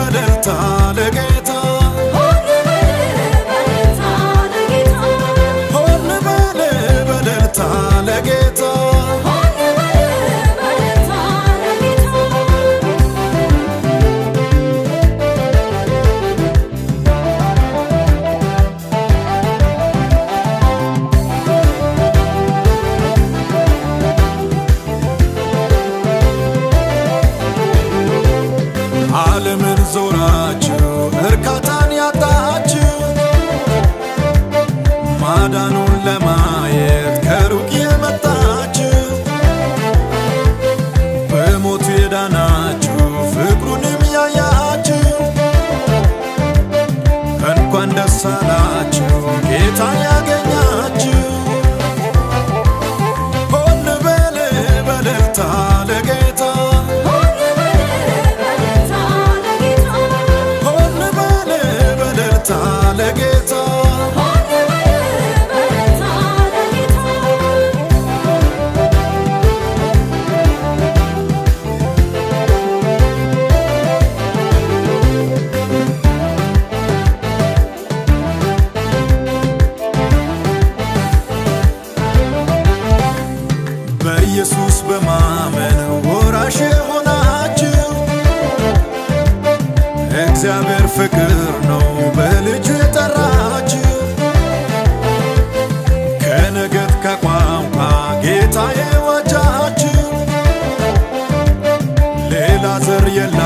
በደስታ ዞራችሁ እርካታን ያጣችሁ ማዳኑን ለማየት ከሩቅ የመጣችሁ በሞቱ የዳናችሁ ፍቅሩንም ያያችሁ እንኳን ደስ አላችሁ ጌታን እግዚአብሔር ፍቅር ነው በልጁ የጠራች ከነገድ ከቋንቋ ጌታ የዋጃች ሌላ ዘር የለ